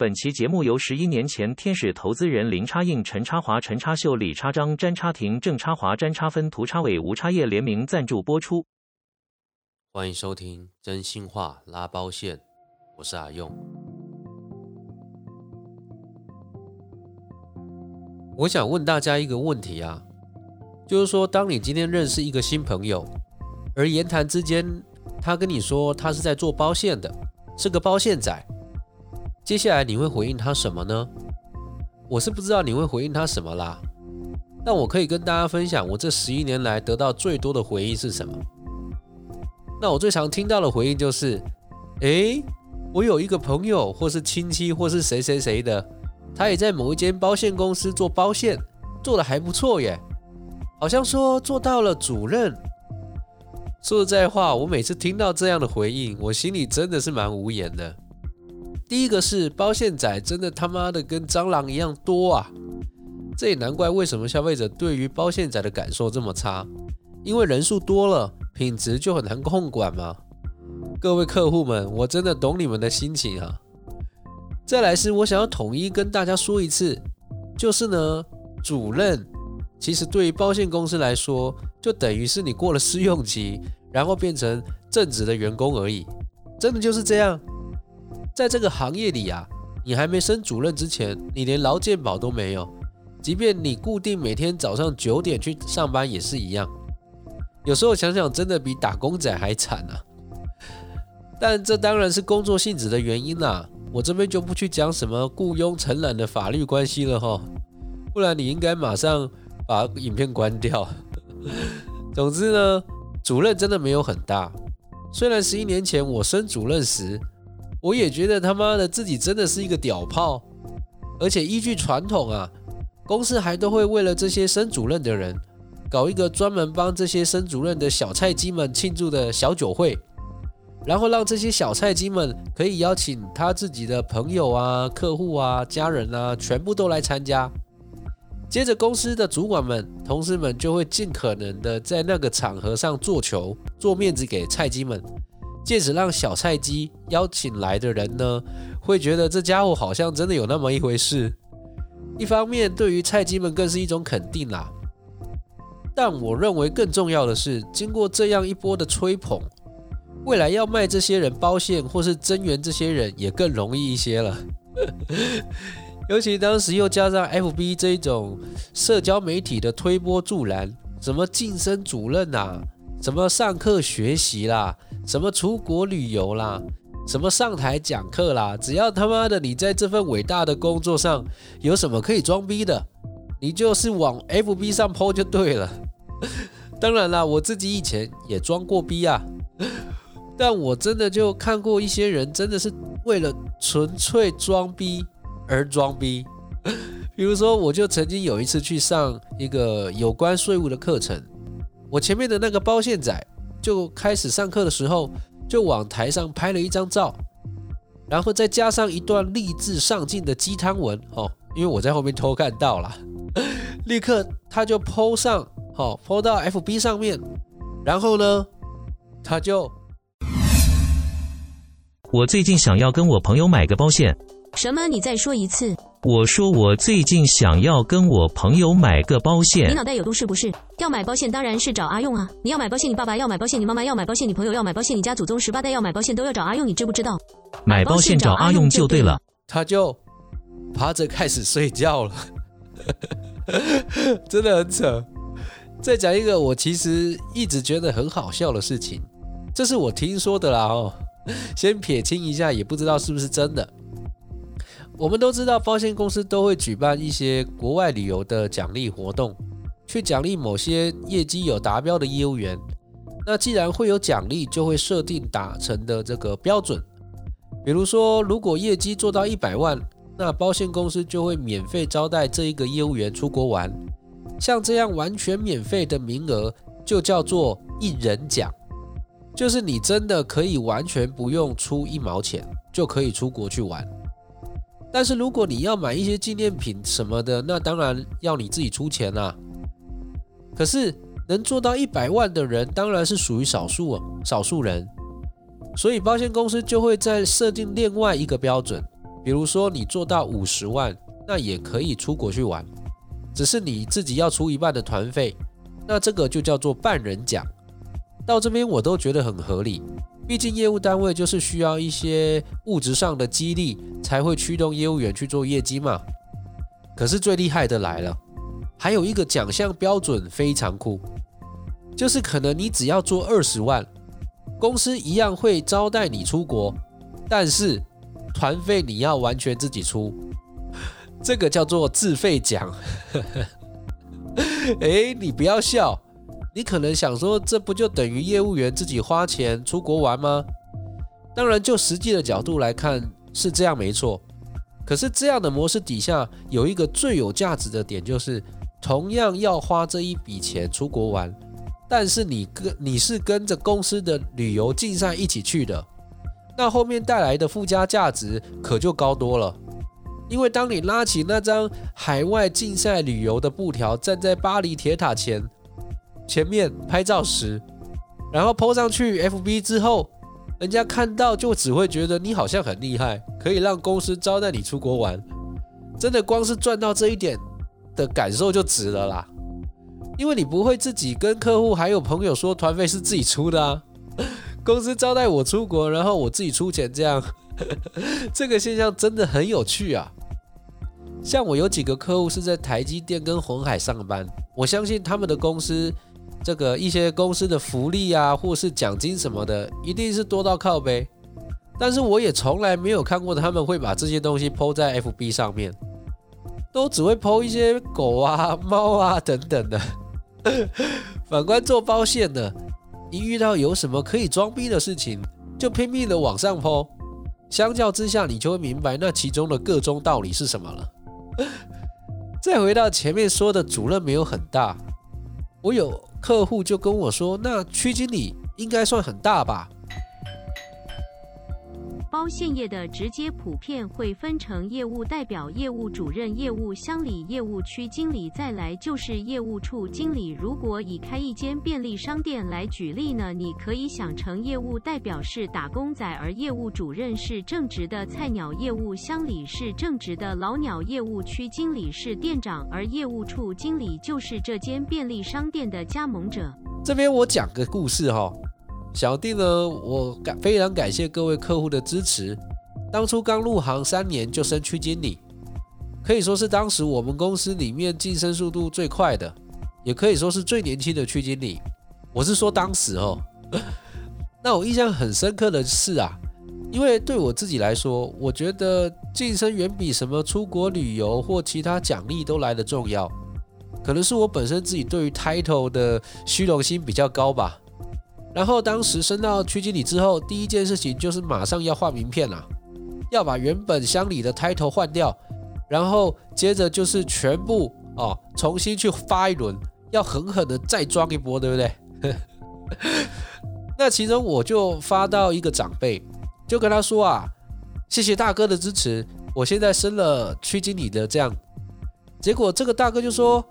本期節目由十一年前天使投資人林插印、陳插華、陳插秀、李插璋、詹插婷、鄭插華、詹插紛、涂插緯、吳插曄聯名贊助播出。歡迎收聽《真心話拉包餡》，我是阿用。我想問大家一個問題啊，就是說，當你今天認識一個新朋友，而言談之間，他跟你說他是在做包餡的，是個包餡仔。接下來你會回應他什麼呢？我是不知道你會回應他什麼啦，但我可以跟大家分享，我這十一年來得到最多的回應是什麼。那我最常聽到的回應就是，誒，我有一個朋友，或是親戚，或是誰誰誰的，他也在某一間包餡公司做包餡，做得還不錯耶，好像說做到了主任。說實在話，我每次聽到這樣的回應，我心裡真的是蠻無言的。第一個是包餡仔真的他媽的跟蟑螂一樣多啊！這也難怪為什麼消費者對於包餡仔的感受這麼差，因為人數多了，品質就很難控管嘛。各位客戶們，我真的懂你們的心情啊。再來是我想要統一跟大家說一次，就是呢，主任其實對於包餡公司來說，就等於是你過了試用期，然後變成正職的員工而已，真的就是這樣。在這個行業裡啊，你還沒升主任之前，你連勞健保都沒有。即便你固定每天早上九點去上班也是一樣。有時候想想，真的比打工仔還慘啊！但這當然是工作性質的原因啦、啊。我這邊就不去講什麼僱傭承攬的法律關係了哈，不然你應該馬上把影片關掉。總之呢，主任真的沒有很大。雖然十一年前我升主任時，我也覺得他媽的自己真的是一個屌炮，而且依據傳統啊，公司還都會為了這些升主任的人，搞一個專門幫這些升主任的小菜雞們慶祝的小酒會，然後讓這些小菜雞們可以邀請他自己的朋友啊、客戶啊、家人啊，全部都來參加。接着公司的主管們、同事們就會盡可能的在那個場合上做球、做面子給菜雞們。借此讓小菜雞邀請來的人呢，會覺得這家伙好像真的有那麼一回事。一方面對於菜雞們更是一種肯定啦、啊。但我認為更重要的是，經過這樣一波的吹捧，未來要賣這些人包餡或是增援這些人也更容易一些了。 尤其當時又加上 FB 這種社交媒體的推波助瀾，怎麼晉升主任啊？怎麼上課學習啦、啊？什麼出國旅遊啦，什麼上台講課啦，只要他媽的你在這份偉大的工作上有什麼可以裝逼的，你就是往 FB 上 PO 就對了。當然啦，我自己以前也裝過逼啊，但我真的就看過一些人真的是為了純粹裝逼而裝逼。比如說，我就曾經有一次去上一個有關稅務的課程，我前面的那個包餡仔。就開始上課的時候，就往台上拍了一張照，然後再加上一段勵志上進的雞湯文，哦，因為我在後面偷看到了，立刻他就 po 上，好、哦、po 到 FB 上面，然後呢，他就，我最近想要跟我朋友買個包餡，什麼？你再說一次。我說我最近想要跟我朋友買個包餡。你腦袋有洞是不是？要買包餡當然是找阿用啊！你要買包餡，你爸爸要買包餡，你媽媽要買包餡，你朋友要買包餡，你家祖宗十八代要買包餡，都要找阿用，你知不知道？買包餡找阿用就對了。他就趴着開始睡覺了， 真的很扯。再講一個我其實一直覺得很好笑的事情，這是我聽說的啦哦，先撇清一下，也不知道是不是真的。我們都知道，保險公司都會舉辦一些國外旅遊的獎勵活動，去獎勵某些業績有達標的業務員。那既然會有獎勵，就會設定達成的這個標準。比如說，如果業績做到一百萬，那保險公司就會免費招待這一個業務員出國玩。像這樣完全免費的名額，就叫做一人獎，就是你真的可以完全不用出一毛錢，就可以出國去玩。但是如果你要買一些紀念品什麼的，那當然要你自己出錢啦、啊。可是能做到一百萬的人當然是屬於少數，少數人，所以保險公司就會再設定另外一個標準，比如說你做到五十萬，那也可以出國去玩，只是你自己要出一半的團費，那這個就叫做半人獎。到這邊我都覺得很合理。畢竟業務單位就是需要一些物質上的激勵，才會驅動業務員去做業績嘛。可是最厲害的來了，還有一個獎項標準非常酷，就是可能你只要做二十萬，公司一樣會招待你出國，但是團費你要完全自己出，這個叫做自費獎。 誒、哎，你不要笑。你可能想說，這不就等於業務員自己花錢出國玩嗎？當然，就實際的角度來看，是這樣沒錯。可是這樣的模式底下，有一個最有價值的點，就是同樣要花這一筆錢出國玩，但是你跟你是跟着公司的旅遊競賽一起去的，那後面帶來的附加價值可就高多了。因為當你拉起那張海外競賽旅遊的布條，站在巴黎鐵塔前。前面拍照時，然後 PO 上去 FB 之後，人家看到就只會覺得你好像很厲害，可以讓公司招待你出國玩。真的，光是賺到這一點的感受就值了啦。因為你不會自己跟客戶還有朋友說團費是自己出的啊，公司招待我出國，然後我自己出錢這樣，呵呵，這個現象真的很有趣啊。像我有幾個客戶是在台積電跟鴻海上班，我相信他們的公司。這個一些公司的福利啊，或是獎金什麼的，一定是多到靠背。但是我也從來沒有看過他們會把這些東西拋在 FB 上面，都只會拋一些狗啊、貓啊等等的。 反觀做包餡的，一遇到有什麼可以裝逼的事情，就拼命的往上拋。相較之下，你就會明白那其中的個中道理是什麼了。 再回到前面說的，主任沒有很大。我有客戶就跟我說：“那區經理應該算很大吧？”包餡業的直接普遍會分成業務代表、業務主任、業務襄理、業務區經理，再來就是業務處經理。如果以開一間便利商店來舉例呢，你可以想成業務代表是打工仔，而業務主任是正職的菜鳥，業務襄理是正職的老鳥，業務區經理是店長，而業務處經理就是這間便利商店的加盟者。這邊我講個故事哈。小弟呢，我感非常感謝各位客戶的支持。當初剛入行三年就升區經理，可以說是當時我們公司裡面晉升速度最快的，也可以說是最年輕的區經理。我是說當時哦。 那我印象很深刻的是啊，因為對我自己來說，我覺得晉升遠比什麼出國旅遊或其他獎勵都來得重要。可能是我本身自己對於 title 的虛榮心比較高吧。然後當時升到區經理之後，第一件事情就是馬上要換名片了，啊，要把原本鄉里的 title 換掉，然後接着就是全部哦重新去發一輪，要狠狠的再裝一波，對不對？ 那其中我就發到一個長輩，就跟他說啊，謝謝大哥的支持，我現在升了區經理的這樣，結果這個大哥就說，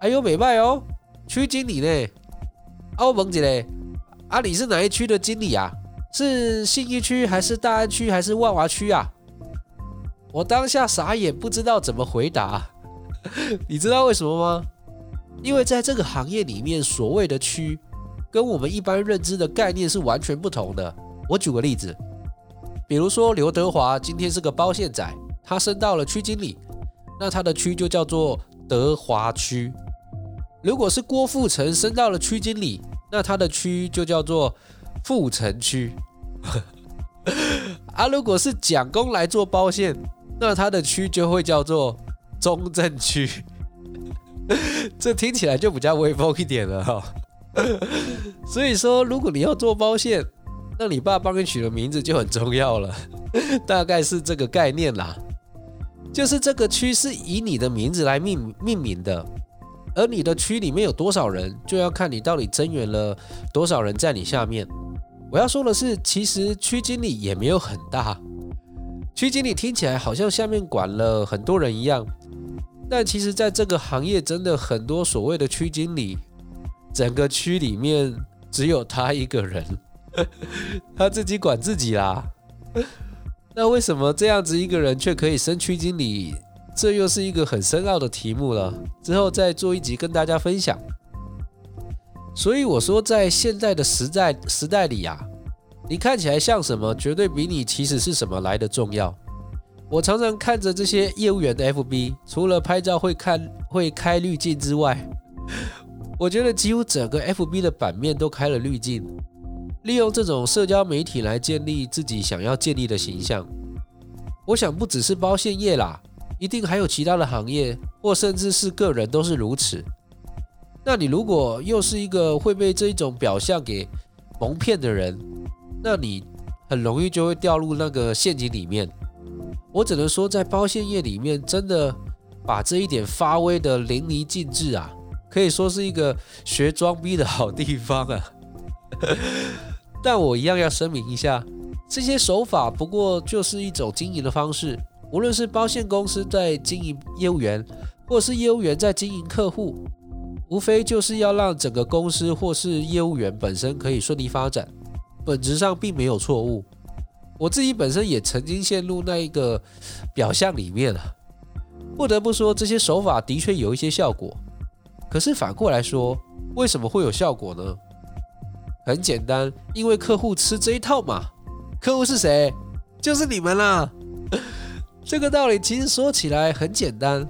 哎呦美邁哦，區經理呢，哦、啊，萌姐嘞。啊，你是哪一區的經理啊？是信義區還是大安區還是萬華區啊？我當下傻眼，不知道怎麼回答。 你知道為什麼嗎？因為在這個行業裡面，所謂的區跟我們一般認知的概念是完全不同的。我舉個例子，比如說劉德華今天是個包餡仔，他升到了區經理，那他的區就叫做德華區。如果是郭富城升到了區經理，那它的區就叫做副城區， 啊，如果是蔣公來做包餡，那它的區就會叫做中正區， 這聽起來就比較威風一點了哈、哦。 所以說，如果你要做包餡，那你爸幫你取的名字就很重要了， 大概是這個概念啦，就是這個區是以你的名字來命命名的。而你的區裡面有多少人，就要看你到底增援了多少人在你下面。我要說的是，其實區經理也沒有很大。區經理聽起來好像下面管了很多人一樣，但其實，在這個行業，真的很多所謂的區經理，整個區裡面只有他一個人， 他自己管自己啦。 那為什麼這樣子一個人卻可以升區經理？這又是一個很深奧的題目了，之後再做一集跟大家分享。所以我說，在現在的時代時代裡呀、啊，你看起來像什麼，絕對比你其實是什麼來得重要。我常常看着這些業務員的 FB，除了拍照會看會開濾鏡之外，我覺得幾乎整個 FB 的版面都開了濾鏡，利用這種社交媒體來建立自己想要建立的形象。我想不只是包餡業啦。一定還有其他的行業，或甚至是個人都是如此。那你如果又是一個會被這一種表象給蒙騙的人，那你很容易就會掉入那個陷阱裡面。我只能說，在包餡業裡面，真的把這一點發揮的淋漓盡致啊，可以說是一個學裝逼的好地方啊。 但我一樣要聲明一下，這些手法不過就是一種經營的方式。無論是包餡公司在經營業務員，或是業務員在經營客戶，無非就是要讓整個公司或是業務員本身可以順利發展，本質上並沒有錯誤。我自己本身也曾經陷入那一個表象裡面了，不得不說，這些手法的確有一些效果。可是反過來說，為什麼會有效果呢？很簡單，因為客戶吃這一套嘛。客戶是誰？就是你們啦。這個道理其實說起來很簡單，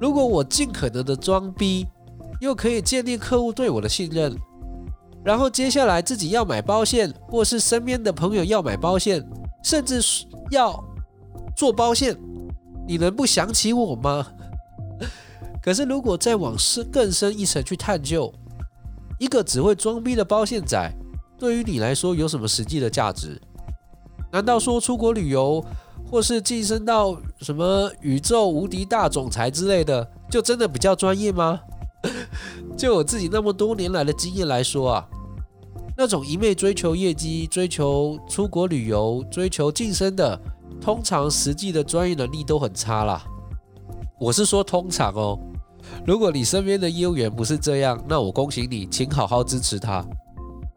如果我盡可能的裝逼，又可以建立客戶對我的信任，然後接下來自己要買包餡，或是身邊的朋友要買包餡，甚至要做包餡，你能不想起我嗎？可是如果再往深更深一層去探究，一個只會裝逼的包餡仔，對於你來說有什麼實際的價值？難道說出國旅遊？或是晉升到什麼宇宙無敵大總裁之類的，就真的比較專業嗎？ 就我自己那麼多年來的經驗來說啊，那種一味追求業績、追求出國旅遊、追求晉升的，通常實際的專業能力都很差啦。我是說通常哦，如果你身邊的業務員不是這樣，那我恭喜你，請好好支持他。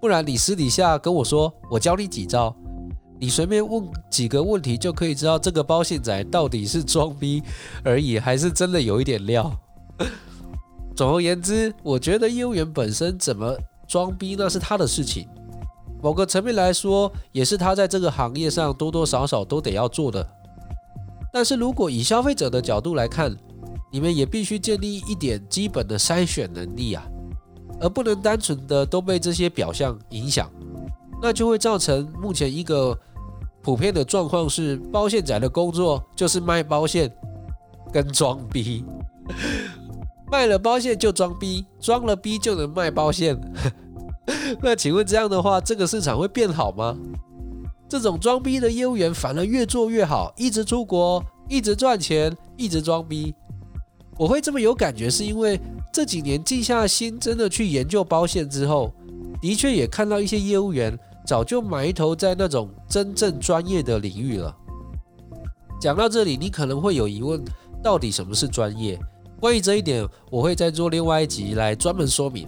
不然你私底下跟我說，我教你幾招。你隨便問幾個問題，就可以知道這個包餡仔到底是裝逼而已，還是真的有一點料。 總而言之，我覺得業務員本身怎麼裝逼那是他的事情，某個層面來說，也是他在這個行業上多多少少都得要做的。但是如果以消費者的角度來看，你們也必須建立一點基本的篩選能力啊，而不能單純的都被這些表象影響，那就會造成目前一個。普遍的狀況是，包餡仔的工作就是賣包餡跟裝逼， 賣了包餡就裝逼，裝了逼就能賣包餡。 那請問這樣的話，這個市場會變好嗎？這種裝逼的業務員反而越做越好，一直出國，一直賺錢，一直裝逼。我會這麼有感覺，是因為這幾年靜下心真的去研究包餡之後，的確也看到一些業務員。早就埋頭在那種真正專業的領域了。講到這裡，你可能會有疑問：到底什麼是專業？關於這一點，我會再做另外一集來專門說明。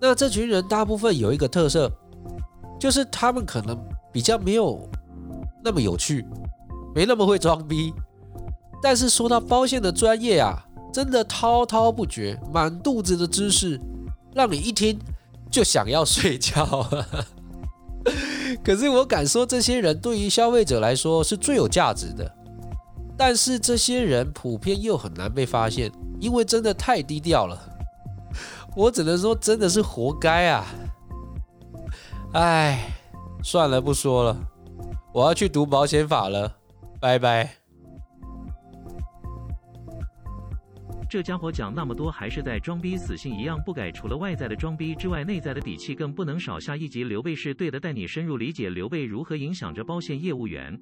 那這群人大部分有一個特色，就是他們可能比較沒有那麼有趣，沒那麼會裝逼。但是說到包餡的專業啊，真的滔滔不絕，滿肚子的知識，讓你一聽。就想要睡覺，可是我敢說，這些人對於消費者來說是最有價值的，但是這些人普遍又很難被發現，因為真的太低調了。我只能說，真的是活該啊！唉，算了，不說了，我要去讀保險法了，拜拜。這家伙講那麼多，還是在裝逼，死性一樣不改。除了外在的裝逼之外，內在的底氣更不能少。下一集，劉備是對的，帶你深入理解劉備如何影響着包餡業務員。